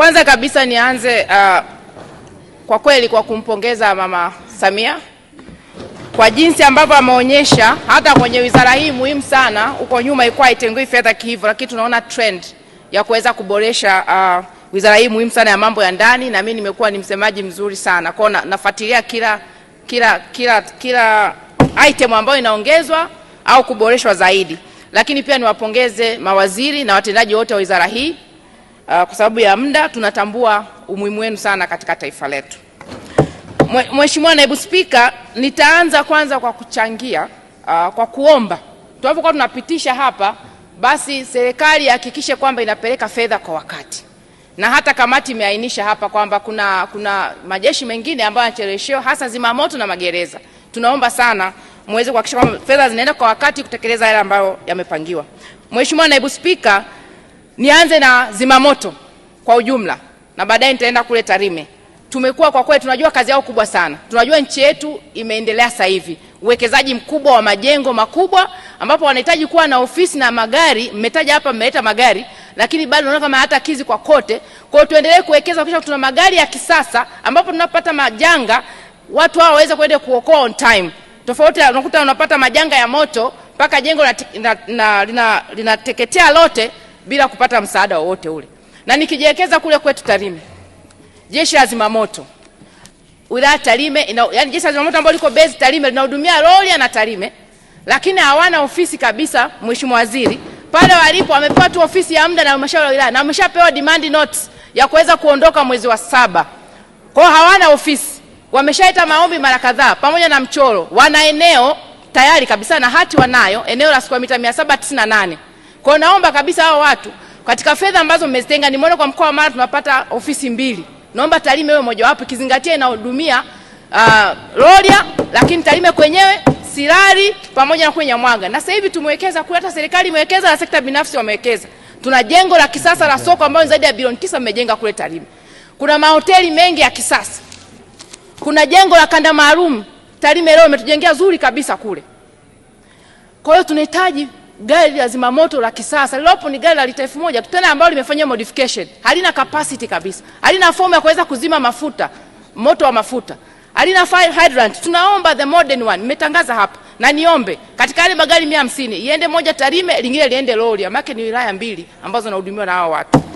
Kwanza kabisa nianze uh, kwa kweli kwa kumpongeza Mama Samia kwa jinsi ambavyo ameonyesha hata kwenye wizara hii muhimu sana. Huko nyuma ilikuwa haitengui fedha kihivyo, lakini tunaona trend ya kuweza kuboresha uh, wizara hii muhimu sana ya mambo ya ndani, na mimi nimekuwa ni msemaji mzuri sana kwao, nafuatilia kila, kila, kila, kila item ambayo inaongezwa au kuboreshwa zaidi, lakini pia niwapongeze mawaziri na watendaji wote wa wizara hii Ah, kwa sababu ya muda, tunatambua umuhimu wenu sana katika taifa letu. Mheshimiwa Naibu Spika, nitaanza kwanza kwa kuchangia uh, kwa kuomba tunapokuwa tunapitisha hapa, basi serikali ihakikishe kwamba inapeleka fedha kwa wakati, na hata kamati imeainisha hapa kwamba kuna, kuna majeshi mengine ambayo yanacheleweshewa hasa zimamoto na magereza. Tunaomba sana muweze kuhakikisha kwamba fedha zinaenda kwa wakati kutekeleza yale ambayo yamepangiwa. Mheshimiwa Naibu Spika, Nianze na zimamoto kwa ujumla na baadaye nitaenda kule Tarime. Tumekuwa kwa kweli, tunajua kazi yao kubwa sana. Tunajua nchi yetu imeendelea sasa hivi, uwekezaji mkubwa wa majengo makubwa, ambapo wanahitaji kuwa na ofisi na magari. Mmetaja hapa, mmeleta magari, lakini bado naona kama hata kizi kwa kote. Kwa hiyo tuendelee kuwekeza, kisha tuna magari ya kisasa, ambapo tunapata majanga, watu hao waweze kwenda kuokoa on time. Tofauti unakuta unapata majanga ya moto mpaka jengo linateketea lote bila kupata msaada wowote ule, na nikijiwekeza kule kwetu Tarime, jeshi la zimamoto wilaya Tarime ina, yani jeshi la zimamoto ambalo liko base Tarime linahudumia Rorya na Tarime, lakini hawana ofisi kabisa. Mheshimiwa Waziri, pale walipo wamepewa tu ofisi ya muda na halmashauri ya wilaya na wameshapewa demand notes ya kuweza kuondoka mwezi wa saba. Kwa hawana ofisi, wameshaita maombi mara kadhaa pamoja na mchoro, wana eneo tayari kabisa na hati wanayo, eneo la square mita 798 kwa naomba kabisa hao watu katika fedha ambazo mmezitenga, nimeona kwa mkoa wa Mara tunapata ofisi mbili, naomba Tarime iwe mojawapo ikizingatia inahudumia uh, ah, Rorya lakini Tarime kwenyewe Sirari pamoja na kwenye Mwanga, Na sasa hivi tumewekeza kule, hata serikali imewekeza na sekta binafsi wamewekeza. Tuna jengo la kisasa la soko ambalo zaidi ya bilioni tisa mmejenga kule Tarime. Kuna mahoteli mengi ya kisasa. Kuna jengo la kanda maalum Tarime leo umetujengea zuri kabisa kule. Kwa hiyo tunahitaji gari la zimamoto la kisasa lilopo ni gari la lita elfu moja tena ambalo limefanyia modification, halina capacity kabisa, halina fomu ya kuweza kuzima mafuta, moto wa mafuta, halina fire hydrant. Tunaomba the modern one, nimetangaza hapa na niombe katika yale magari mia hamsini iende moja Tarime, lingine liende Rorya, maana ni wilaya mbili ambazo zinahudumiwa na hao watu.